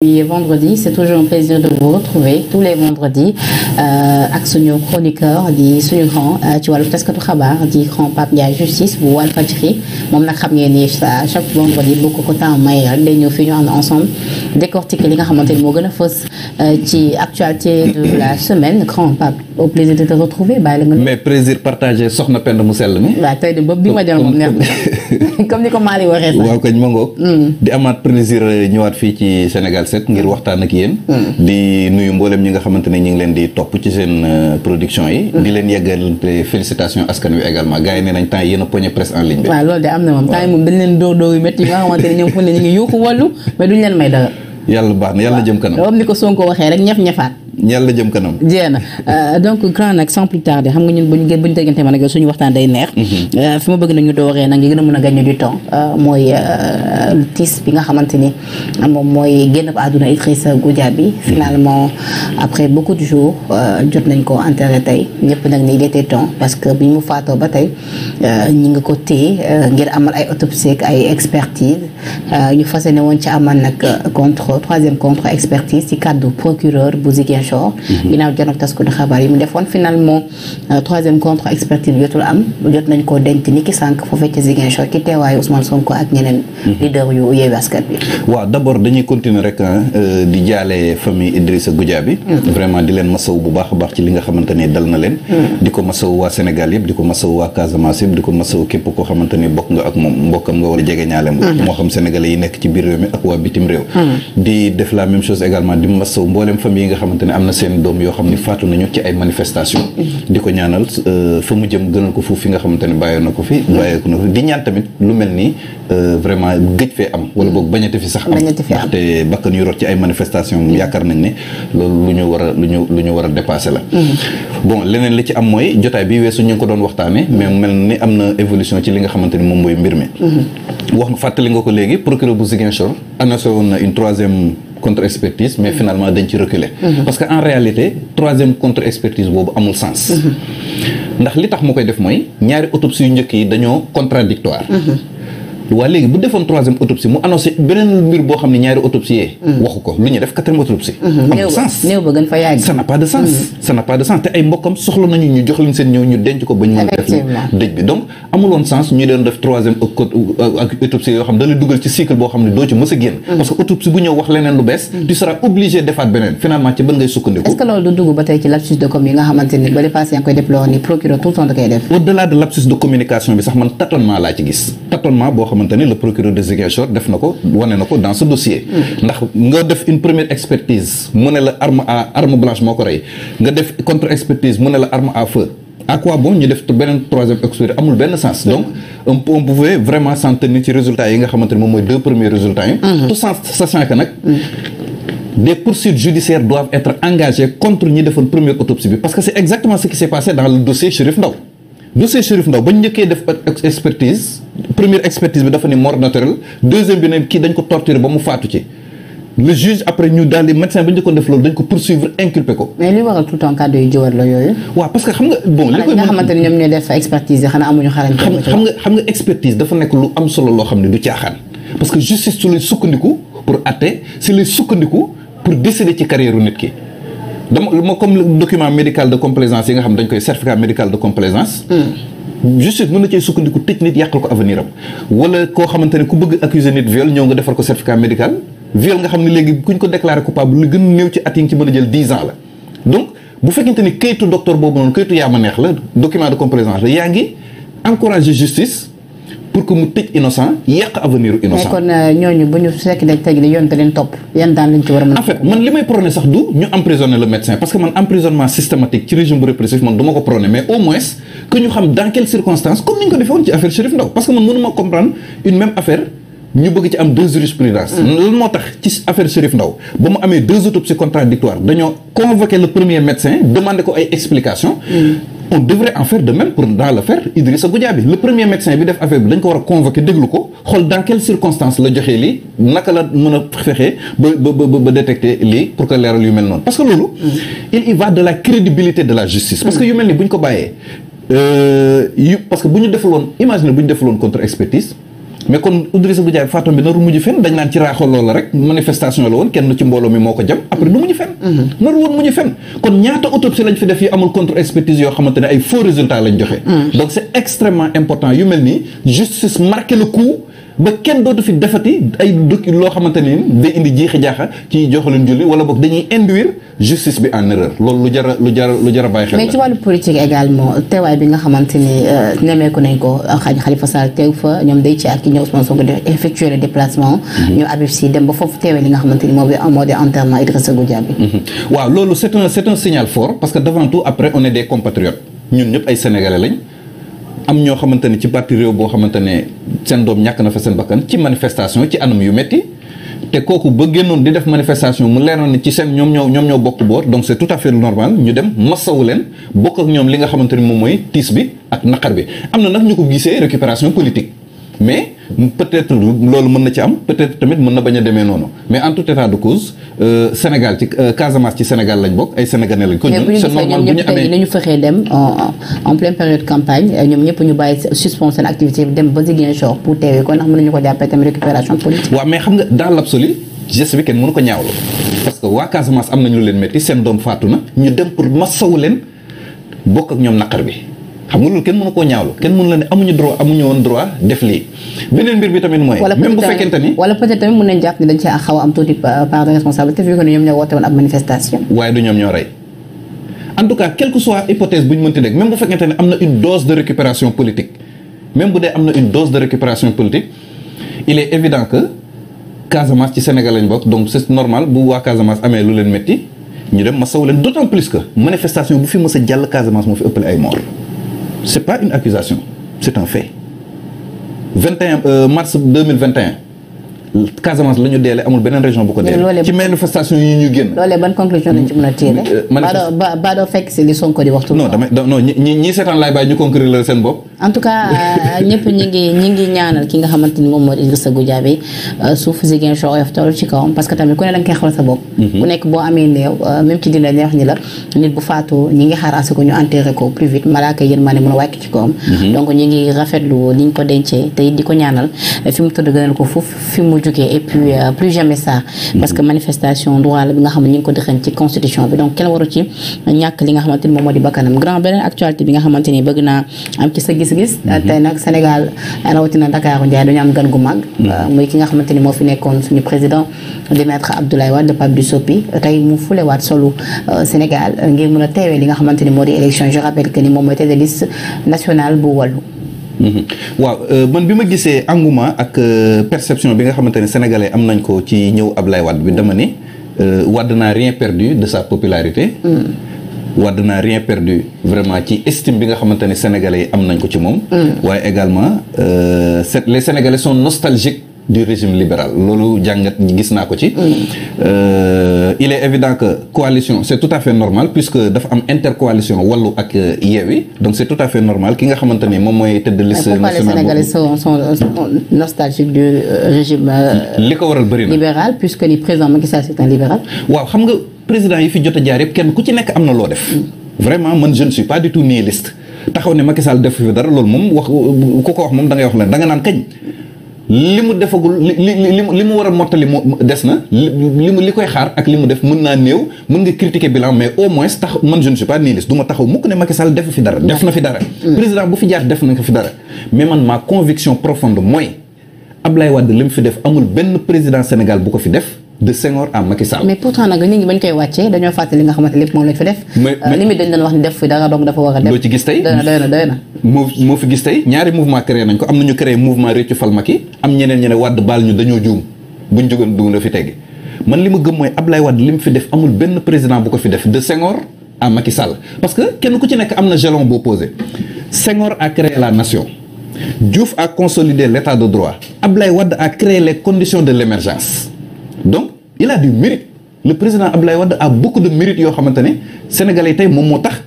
Et vendredi, c'est toujours un plaisir de vous retrouver tous les vendredis euh, ak suñu chroniqueur di suñu grand euh, ci wàllu taskatu xabaar di grand Pape Ndiaye justice bu Walfadjri moom nag xam ngeen ni chaque vendredi bu ko ko temps may rek day ñëw fi ñu ànd ensemble décortiquer li nga xamante ni moo gën a fës euh, ci actualité de la semaine grand Pape au plaisir de te retrouver bàyyi la nga. mais plaisir partagé soxna Penda mu sell mi. waaw tey de bopp bi ma jàmm neex na comme ni ko Mali waxee sax. waaw kañ ma mm. di amaat plaisir euh, ñëwaat fii ci Sénégal 7 ngir mm. waxtaan ak yéen. Mm. di nuyu mboolem ñi nga xamante ne ñu ngi leen di topp ci seen euh, production yi. di leen yeggal félicitation askan wi également gars yi nee nañ temps yéen a poñe presse en ligne bi. waaw loolu de am na moom temps yi moom dañ leen dóor yàlla jëm kanam. jeex na euh, donc grand nag sans plus tarder xam nga ñun buñ ñu déggante ma nag suñu waxtaan day neex. Mhm. Euh, fi ma bëgg nañu dooree nag ñu gën a mën a gagner du temps euh, mooy lu tiis bi nga xamante ni moom mooy génn ba àdduna Idrissa Goudiaby mhm. finalement après beaucoup de jours jot nañ ko enterré tey ñëpp nag ni il était temps parce que bi mu faatoo ba tey ñu ngi ko téye ngir amal ay autopsie ak ay expertise ñu fas yéene woon ci amal nag contre troisième contre expertise ci cadre procureur bu tort mhm. ginnaaw janoog taskatu xabaar yi mu defoon finalement euh, troisième contre mhm. euh, mhm. di leen masaw bu baax a baax ci li nga xamante dal na leen di ko masaw waa Sénégal yëpp di ko masaw waa ko masaw bokk nga ak moom mbokkam nga wala jege ñaale moo xam sénégalais yi nekk ci biir réew mi ak waa bitim réew di def la même chose également famille yi nga xamante am na seen doom yoo xam ni faatu nañu ci ay manifestation mm-hmm. di ko ñaanal euh, fa mu jëm gënal ko foofu fi nga xamante ne bàyyi na ko fi mm-hmm. bàyyeeku na ko fi di ñaan tamit lu mel nii euh, vraiment gëj fee mm-hmm. loolu lu ñu war a lu a la bon leneen li ci am mooy jotaay bi weesu ñu ngi ko doon waxtaane mais mel ni am na évolution ci li nga xamante ni moom mooy mbir mi wax fàttali nga ko léegi procureur bu Ziguinchor annoncé woon na une troisième contre-expertise mais finalement dañ ci reculer mhm. parce que en réalité troisième contre-expertise boobu amul sens mhm. ndax li tax mu koy def mooy ñaari autopsie yu njëkk yi dañoo contradictoire mhm. waa léegi bu defoon troisième autopsie mu annoncé beneen mbir boo xam ne ñaari autopsie mm. waxu ko lu ñuy def quatrième autopsie mm-hmm. amul n'a pas mm-hmm. te ay mbokkam soxla nañu ñu jox leen seen ñëw ñu denc ko ba ñu mën def dëj euh, dugal ci cycle boo xam ne doo ci mës a génn mm. parce que autopsie bu ñëw wax leneen lu bees mm. tu seras obligé defaat beneen finalement ci ban ngay sukkandiku est loolu du dugg ba tey ci lapsus de communication bi sax man tâtonnement laa ci gis tâtonnement xamante ni le procureur de Ziguinchor def na ko wane na ko dans ce dossier. ndax nga def une première expertise mu ne la arme a arme blanche moo ko rey nga def contre expertise mu ne la arme à feu. à quoi bon ñu def beneen troisième expert amul benn sens donc on on pouvait vraiment s'en tenir ci résultats yi nga xamante ni moom mooy deux premiers résultats yi. Mm-hmm. tout sans sachant que nag. des poursuites autopsie bi parce que c'est exactement ce qui s'est passé dans dossier Chérif Ndaw ba ñu njëkkee def expertise première expertise bi dafa ne mort naturelle deuxième bi ne kii dañ ko torturer ba mu faatu ci le juge après ñu daal di médecin ba ñu ko def loolu dañ ko poursuivre inculpé ko. mais li waral ne ñoom ñooy def expertise yi xanaa amuñu xarañ. xam nga xam nga expertise xam ne du caaxaan parce que justice su lay sukkandiku pour àtte si lay sukkandiku pour décider ci carrière nit ki. dama ma comme le document médical de complaisance yi nga xam dañ koy certificat médical de complaisance hmm. justice mën na cee sukkandiku tëj nit yàqal ko avenir am koo xamante ne ku bëgg accuser nit viol ñëw nga defar ko certificat médical viol nga xam ne léegi kuñ ko déclaré coupable lu gën néew ci at yi nga ci mën a jël dix ans la donc bu fekkente ni kayitu docteur boobu noonu kayitu yaa neex la document de complaisance la yaa ngi encouragé justice pour que mu tëj innocent yàq avenir innocent. Euh, ñooñu bu ñu fekk dañ teg yoon da leen topp yan daan lañ ci war a mën en man li may prôné sax du ñu emprisonner le médecin parce que man emprisonnement systématique ci régime bu répressif man du ma ko prôné mais au moins que ñu xam dans quelles circonstances comme ni ñu ko defee woon ci affaire Chérif Ndaw parce que man mënuma comprendre une même affaire. ñu bëgg ci am deux jurisprudences mm. lan moo tax ci affaire Chérif on devrait en faire de même pour dans l'affaire Idrissa Goudiaby premier médecin bi def affaire bi dañ ko war a convoquer déglu ko xool dans quelles circonstances la joxee lii naka la mën a fexee ba ba ba détecter pour que leeral yu mel noonu parce loolu mm-hmm. il y va de la crédibilité de la justice parce que yu mel ni bu ñu ko bàyyee euh, yu bu ñu defaloon imagine bu ñu defaloon contre expertise mais kon Idrissa Goudiaby faatom bi naru mujj fenn dañ naan ci raaxal loola rek manifestation nar mm-hmm. woon mu ñu fen kon ñaata autopsie lañ fi def yi amul contre expertise yoo xamante ne ay faux résultats lañ joxe mm. donc c'est extrêmement important yu mel nii justice marqué le coup ba kenn dootu fi defati ay dëkk loo xamante ni day indi jiixi jaaxa ci joxalin julli boo boog dañuy induire justice bi en erreur loolu lu jara lu jara lu jara bàyyi xel mais bi nga xamante ni euh, nemeeku nañ ko xaj Khalifa Sall teew fa ñoom day ci ak ñoom Ousmane Sonko di effectuer le déplacement mm-hmm. ñoom Habib Sy dem ba foofu teewee li nga xamante ni moo moo di enterrement Idrissa Goudiaby mm-hmm. waaw loolu c'est un c'est un signal fort parce que devant tout après on ne ci parti boo xamante ne seen doom ñàkk na fa seen bakkan ci manifestation ci anam yu métti te kooku ba génnoon di def manifestation mu leeroon ne ci seen ñoom ñoo ñoom ñoo bokk boor donc c' est tout à fait normal ñu dem massawu leen bokk ak ñoom li nga xamante ni moom mooy tiis bi ak naqar bi am na nag ñu ko gisee récupération politique mais peut-être loolu mën na ci am peut-être tamit mën na bañ a demee noonu mais en tout état cause euh, Sénégal ci euh, Casamance ci Sénégal lañ bokk ay sénégalais lañ ko ñu amee ñu fexee dem en pleine période campagne euh, ñoom ñëpp ñu bàyyi suspendre seen activité dem ba Ziguinchor pour teewee ko ndax mën nañu ko jàppee tamit récupération politique waaw mais xam nga dans l'absolu geste bi mënu ko ñaawlu parce que waa Casamance am nañu lu leen métti seen doom faatu na ñu dem pour masawu leen bokk ak ñoom naqar bi xam nga loolu kenn mënu koo ñaawlu kenn mënu la ne amuñu droit amuñu woon droit def lii tamit mooy même bu fekkente ni wala peut-être tamit mën nañ jàpp ni dañ cee xaw a am tuuti euh, part de responsabilité vu que ñoom ñoo woote woon ab manifestation waaye du ñoom ñoo rey en tout cas quelle que soit bu ñu mënti dégg amee lu leen métti ñu dem ma saw leen d'autant plus que manifestation bu fi mës jàll Casamance moo fi ëppale ay mort c'est pas une accusation c'est un fait 21 euh, mars 2021 Casamance la ñu deele amul beneen région bu ko deele ci manifestation yi ñu génn loolee ban conclusion lañ ci mën a téye mm, euh, ba doo fekk si li Sonko di waxtu non damay non seetaan laay bàyyi ñu conclure seen bopp en tout cas euh, ñëpp ñi ñi ngi ñaanal ki nga xamante ni moom moo Idrissa Goudiaby euh, suuf Ziguinchor oyof toll ci kawam parce que tamit ku mm-hmm. nekk boo amee néew même ci dina neex ñi la nit bu faatoo ñi ngi xaar ko ñu enterré ko plus vite a mu jógee et puis euh, plus jamais ça parce que manifestation droit la bi nga xam ne ñu ko dëxan ci constitution bi donc kenn waru ci ñàkk li nga xamante ni moo di bakkanam grand beneen actualité bi nga xamante ni bëgg naa am ci sa gis-gis mhm. euh, tey nag Sénégal rawatina Dakar Ndiaye dañu am gan gu mag mhm. euh, muy ki nga xamante ni moo fi nekkoon suñu président di maître Abdoulaye Wade Pape Dusopi tey mu fulewaat solu Sénégal ngir mën a teewee li nga xamante ni moo di élection moom mooy tête de liste Mhm. waaw euh, man bi ma gisee engouement ak euh, perception bi nga xamante ne sénégalais am nañ ko ci ñëw Ablaye Wade bi dama ni euh, wadd n'a rien perdu de sa popularité. Mm. Wade n'a rien perdu vraiment ci estime bi nga xamante ne sénégalais yi am nañ ko ci moom. Mm. waaye également les sénégalais sont nostalgiques. du régime libéral loolu jàngat gis naa ko ci. Mm. Euh, il est évident que coalition c' tout à fait normal puisque dafa am intercoalition wallu ak euh, yeewi donc c' tout à fait normal ki nga xamante ni moom mooy tëdd liste nationale du euh, régime. li ko waral bëri na libéral puisque ni président Macky Sall c' est un waaw xam nga président yi fi jot a jaar yëpp kenn ku ci nekk am na loo def. Mm. vraiment man je ne suis pas du tout nihiliste taxaw ne Macky Sall def fi dara loolu moom wax ku ko wax moom da wax leen da nga naan kañ. li mu defagul li li li mu war a mottali mu des na li mu li koy xaar ak li mu def mën naa néew mën nga critiquer bilan mais au moins tax man je ne suis pas nihiliste du ma taxaw mukk ne Macky Sall defu fi dara def na fi dara mm. président bu fi jaar def na ko fi dara mais man maa conviction profonde mooy Ablaye Wade li mu fi def amul benn président Sénégal bu ko fi def de Senghor à Macky mais pourtant nag nit ñi bañ koy wàccee dañoo fàttali nga xamante lépp moom lañ fi def. Euh, a def. loo gis tey ñaari mouvement créé nañ ko na ñu créé mouvement Réccu Fal Macky am ne wàdd baal ñu dañoo juum buñ jógoon dugg na fi teggi man li ma gëm mooy Ablaye Wade li mu fi def amul benn président bu ko fi def de Senghor à Sall parce que kenn ku ci nekk am na jalon boo posé Senghor a créé la nation Diouf a consolidé l' état de droit Ablaye Wade a créé les conditions de l' émergence donc il a du mérite le président Abdoulaye Wade a beaucoup de mérite yoo xamante sénégal sénégalais tey moom moo tax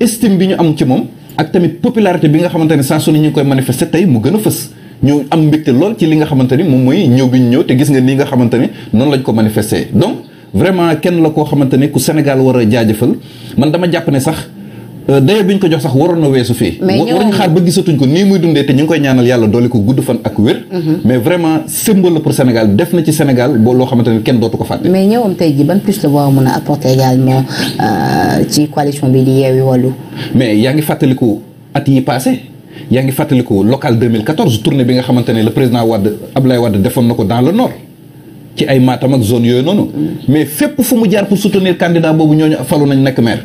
estime bi ñu am ci moom ak tamit popularité bi nga xamante ne saa su ne ñu ngi koy manifester tey mu gën a fës ñu am mbégte lool ci li nga xamante ni moom mooy ñëw bi ñëw te gis nga nii nga xamante ne noonu lañ ko manifester donc vraiment kenn la koo xamante ne ku Sénégal war a jaajëfal man dama jàpp ne sax. Euh, dayo bi ñu ko jox sax waroon na weesu fii waruñu xaar ba gisatuñ ko nii muy dundee te ñu ngi koy ñaanal yàlla doole ko gudd fan ak wér mhm. mais vraiment symbole la pour Sénégal def na ci Sénégal loo xamante ne kenn dootu ko fàtte mais ñëwam tey ji ban plus la war a mën a apporter également euh, ci ngi fàttaliku at local 2014 tournée bi nga xamante ne le président Wade na ko dans le nord ay Matam ak zone yooyu noonu mhm. mais fépp fu mu jaar pour soutenir candidat boobu ñooñu falu nañ nekk maire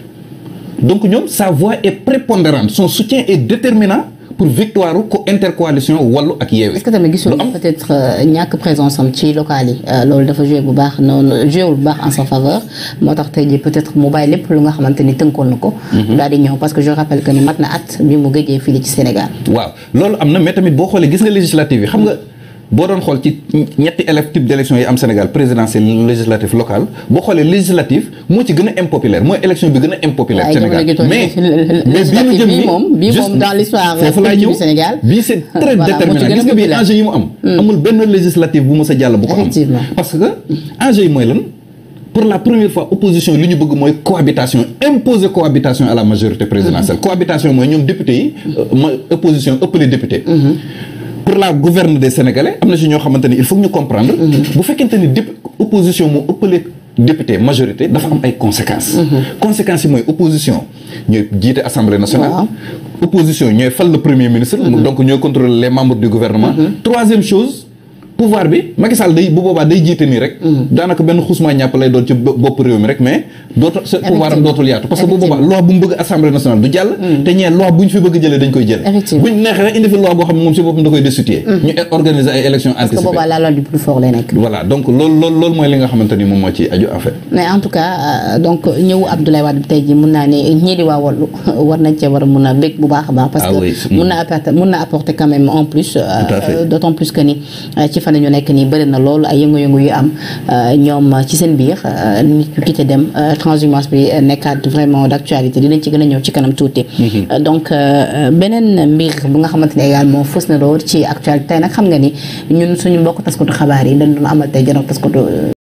donc ñoom sa voix est prépondérante son soutien est déterminant pour victoire ko intercoalition wàllu ak yeewi. est-ce tamit gisul peut euh, am ci local yi euh, loolu dafa bu baax noonu joué baax en sa faveur moo tax tey jii peut lu nga xamante ni tënkoon na ko. Mhm. daal ñëw parce que je rappelle que ni mat na at bi mu gëjee fii ci Sénégal. waaw loolu am na mais tamit boo xoolee gis nga législative yi xam nga. boo doon xool ci ñetti élève type d' élection yi am Sénégal présidentielle législative locale boo xoolee législative moo ci gën a impopulaire mooy élection bi gën a impopulaire Sénégal mais mais bii nu jëm nii moom bii moom Sénégal bii c' est très nga bii enjeu yi mu am mm. amul benn législative bu mës a jàll bu ko am parce que enjeu yi mooy lan pour la première fois opposition li ñu bëgg mooy cohabitation imposer cohabitation à la majorité présidentielle mm-hmm. cohabitation mooy ñoom député yi euh, ma opposition ëppale pour la gouverne des sénégalais am na ci ñoo xamante ni il faut ñu comprendre. Mm-hmm. bu fekkente ni dép opposition moo ëppale député majorité dafa am ay conséquences. Mm-hmm. conséquences yi mooy opposition ñooy jiite assemblée nationale. opposition ñooy fal le premier ministre. Mm-hmm. donc ñoo contrôler les membres du gouvernement. troisième chose. pouvoir bi Macky day bu boobaa day jiite nii rek. Mm. daanaka benn xusuma ñàpp lay doon ci bopp réew mi rek mais. dootul sa pouvoir am dootul yaatu. parce que bu boobaa loi bu mu bëgg assemblée nationale du jàll. Mm. te ñeen loi bu ñu fi bëgg jëlee dañ koy jël. bu ñu neexee rek indi fi loi mm. boobaa la loi du plus fort lay nekk. voilà donc loolu loolu mooy li nga xamante moom moo ci aju en mais en tout cas euh, donc ñëw Abdoulaye Wade tey jii mun naa ni euh, fan ñu nekk nii bëri na lool ay yëngu-yëngu yu am euh, ñoom euh, ci seen biir euh, nit ñu quitté dem transhumance bi nekkaat vraiment d'actualité dinañ ci gën a ñëw ci kanam tuuti. Mhm. donc beneen mbir bu nga xamante ne également fës na lool ci actualité tey nag xam nga ni ñun suñu mbokk taskatu xabaar yi dañ doon amal tey janoog taskatu